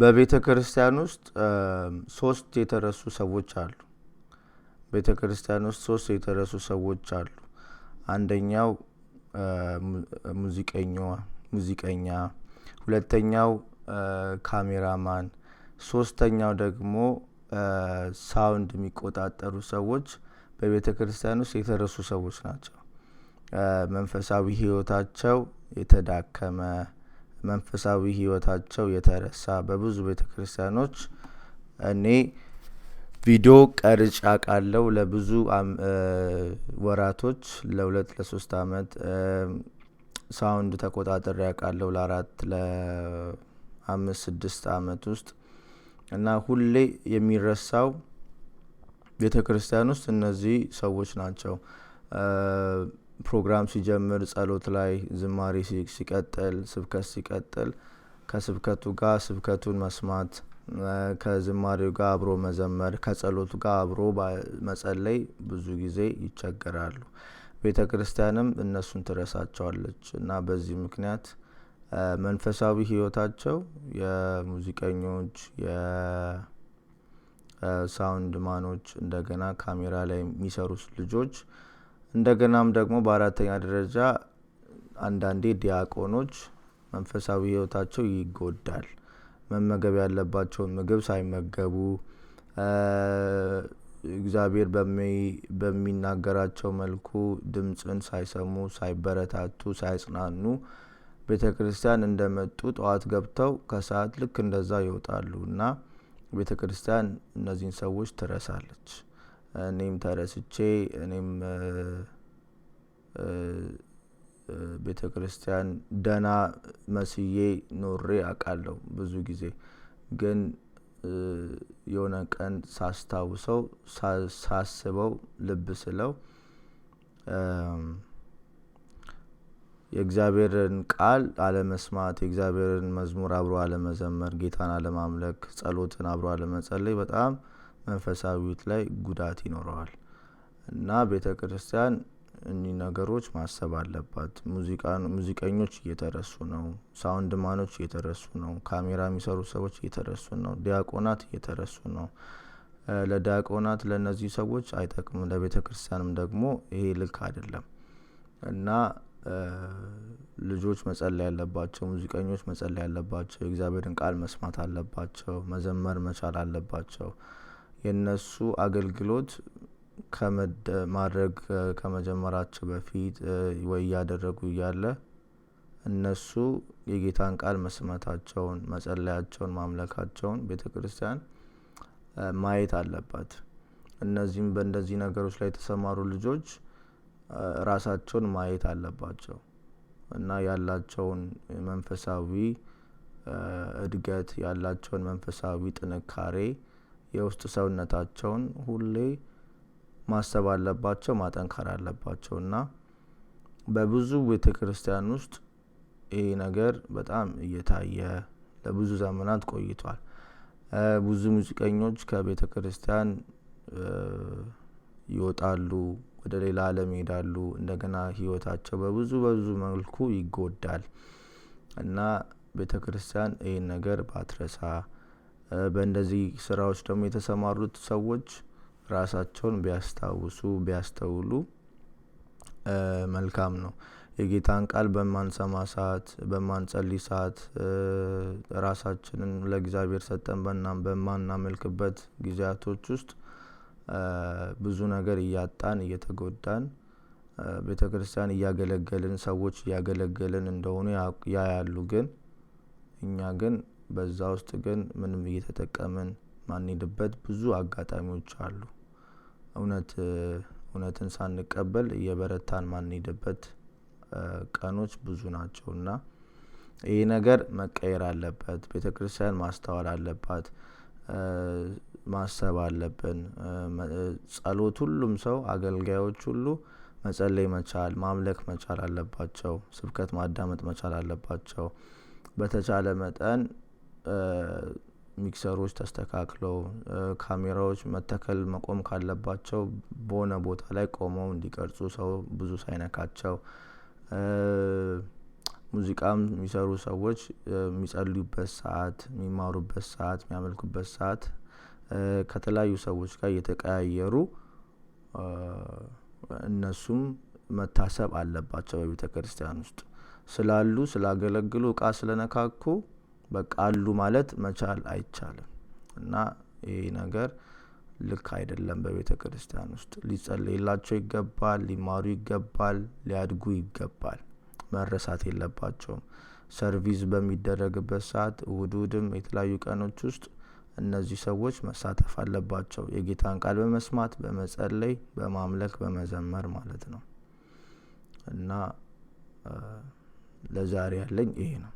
በቤተ ክርስቲያን ውስጥ ሶስት የተረሱ ሰዎች አሉ። ቤተ ክርስቲያን ውስጥ ሶስት የተረሱ ሰዎች አሉ። አንደኛው ሙዚቀኛ፣ ሁለተኛው ካሜራማን፣ ሶስተኛው ደግሞ ሳውንድ የሚቆጣጠሩ ሰዎች በቤተ ክርስቲያን ውስጥ የተረሱ ሰዎች ናቸው። መንፈሳዊ ሕይወታቸው የተዳከመ መንፈሳዊ ህይወታቸው የተረሳ በብዙ ቤተ ክርስቲያኖች እኔ ቪዲዮ ቀርጫ ቃለው ለብዙ ወራቶች ለሁለት ለሶስት አመት ሳውንድ ተቆጣጠሪ ያውቃለሁ ለአራት ለአምስት ስድስት አመት ውስጥ እና ሁሌ የሚረሳው ቤተ ክርስቲያን ውስጥ እነዚህ ሰዎች ናቸው። ፕሮግራም ሲጀምር ጸሎት ላይ ዝማሬ ሲቀጥል፣ ስብከት ሲቀጥል ከስብከቱ ጋር ስብከቱን መስማት ከዝማሬው ጋር አብሮ መዘመር ከጸሎቱ ጋር አብሮ መጸለይ ብዙ ጊዜ ይቸገራሉ። ቤተ ክርስቲያንም እነሱን ትረሳቸዋለች እና በዚህ ምክንያት መንፈሳዊ ሕይወታቸው የሙዚቀኞች፣ የሳውንድ ማኖች እንደገና ካሜራ ላይ የሚሰሩ ልጆች እንደገናም ደግሞ በአራተኛ ደረጃ አንዳንዴ ዲያቆኖች መንፈሳዊ ህይወታቸው ይጎዳል። መመገብ ያለባቸውን ምግብ ሳይመገቡ እግዚአብሔር በሚናገራቸው መልኩ ድምፅን ሳይሰሙ፣ ሳይበረታቱ፣ ሳይጽናኑ ቤተ ክርስቲያን እንደመጡ ጠዋት ገብተው ከሰዓት ልክ እንደዛ ይወጣሉ እና ቤተ ክርስቲያን እነዚህን ሰዎች ትረሳለች። እኔም ተረስቼ እኔም ቤተ ክርስቲያን ደና መስዬ ኖሬ አውቃለሁ። ብዙ ጊዜ ግን የሆነ ቀን ሳስታውሰው ሳስበው ልብ ስለው የእግዚአብሔርን ቃል አለመስማት፣ የእግዚአብሔርን መዝሙር አብሮ አለመዘመር፣ ጌታን አለማምለክ፣ ጸሎትን አብሮ አለመጸለይ በጣም መንፈሳዊት ላይ ጉዳት ይኖረዋል እና ቤተ ክርስቲያን እኒህ ነገሮች ማሰብ አለባት። ሙዚቀኞች እየተረሱ ነው። ሳውንድ ማኖች እየተረሱ ነው። ካሜራ የሚሰሩ ሰዎች እየተረሱ ነው። ዲያቆናት እየተረሱ ነው። ለዲያቆናት ለእነዚህ ሰዎች አይጠቅምም፣ ለቤተ ክርስቲያንም ደግሞ ይሄ ልክ አይደለም እና ልጆች መጸለይ ያለባቸው፣ ሙዚቀኞች መጸለይ ያለባቸው፣ የእግዚአብሔርን ቃል መስማት አለባቸው፣ መዘመር መቻል አለባቸው። የነሱ አገልግሎት ማድረግ ከመጀመራቸው በፊት ወይ እያደረጉ እያለ እነሱ የጌታን ቃል መስማታቸውን፣ መጸለያቸውን፣ ማምለካቸውን ቤተ ክርስቲያን ማየት አለባት። እነዚህም በእንደዚህ ነገሮች ላይ የተሰማሩ ልጆች ራሳቸውን ማየት አለባቸው እና ያላቸውን መንፈሳዊ እድገት ያላቸውን መንፈሳዊ ጥንካሬ የውስጥ ሰውነታቸውን ሁሌ ማሰብ አለባቸው፣ ማጠንከር አለባቸው እና በብዙ ቤተ ክርስቲያን ውስጥ ይህ ነገር በጣም እየታየ ለብዙ ዘመናት ቆይቷል። ብዙ ሙዚቀኞች ከቤተ ክርስቲያን ይወጣሉ፣ ወደ ሌላ ዓለም ይሄዳሉ። እንደገና ህይወታቸው በብዙ በብዙ መልኩ ይጎዳል እና ቤተ ክርስቲያን ይህን ነገር ባትረሳ በእንደዚህ ስራዎች ደግሞ የተሰማሩት ሰዎች ራሳቸውን ቢያስታውሱ ቢያስተውሉ መልካም ነው። የጌታን ቃል በማንሰማ ሰዓት በማንጸልይ ሰዓት ራሳችንን ለእግዚአብሔር ሰጠን በናም በማናመልክበት ጊዜያቶች ውስጥ ብዙ ነገር እያጣን እየተጎዳን ቤተ ክርስቲያን እያገለገልን ሰዎች እያገለገልን እንደሆኑ ያያሉ። ግን እኛ ግን በዛ ውስጥ ግን ምንም እየተጠቀምን ማንሄድበት ብዙ አጋጣሚዎች አሉ። እውነት እውነትን ሳንቀበል እየበረታን ማንሄድበት ቀኖች ብዙ ናቸው እና ይህ ነገር መቀየር አለበት። ቤተ ክርስቲያን ማስተዋል አለባት። ማሰብ አለብን። ጸሎት ሁሉም ሰው አገልጋዮች ሁሉ መጸለይ መቻል ማምለክ መቻል አለባቸው። ስብከት ማዳመጥ መቻል አለባቸው። በተቻለ መጠን ሚክሰሮች ተስተካክለው ካሜራዎች መተከል መቆም ካለባቸው በሆነ ቦታ ላይ ቆመው እንዲቀርጹ ሰው ብዙ ሳይነካቸው ሙዚቃም የሚሰሩ ሰዎች የሚጸልዩበት ሰዓት፣ የሚማሩበት ሰዓት፣ የሚያመልኩበት ሰዓት ከተለያዩ ሰዎች ጋር እየተቀያየሩ እነሱም መታሰብ አለባቸው በቤተ ክርስቲያን ውስጥ ስላሉ ስላገለግሉ እቃ ስለነካኩ በቃ አሉ ማለት መቻል አይቻልም እና ይሄ ነገር ልክ አይደለም። በቤተ ክርስቲያን ውስጥ ሊጸልይላቸው ይገባል፣ ሊማሩ ይገባል፣ ሊያድጉ ይገባል። መረሳት የለባቸውም። ሰርቪስ በሚደረግበት ሰዓት ውድውድም የተለያዩ ቀኖች ውስጥ እነዚህ ሰዎች መሳተፍ አለባቸው። የጌታን ቃል በመስማት በመጸለይ፣ በማምለክ፣ በመዘመር ማለት ነው እና ለዛሬ ያለኝ ይሄ ነው።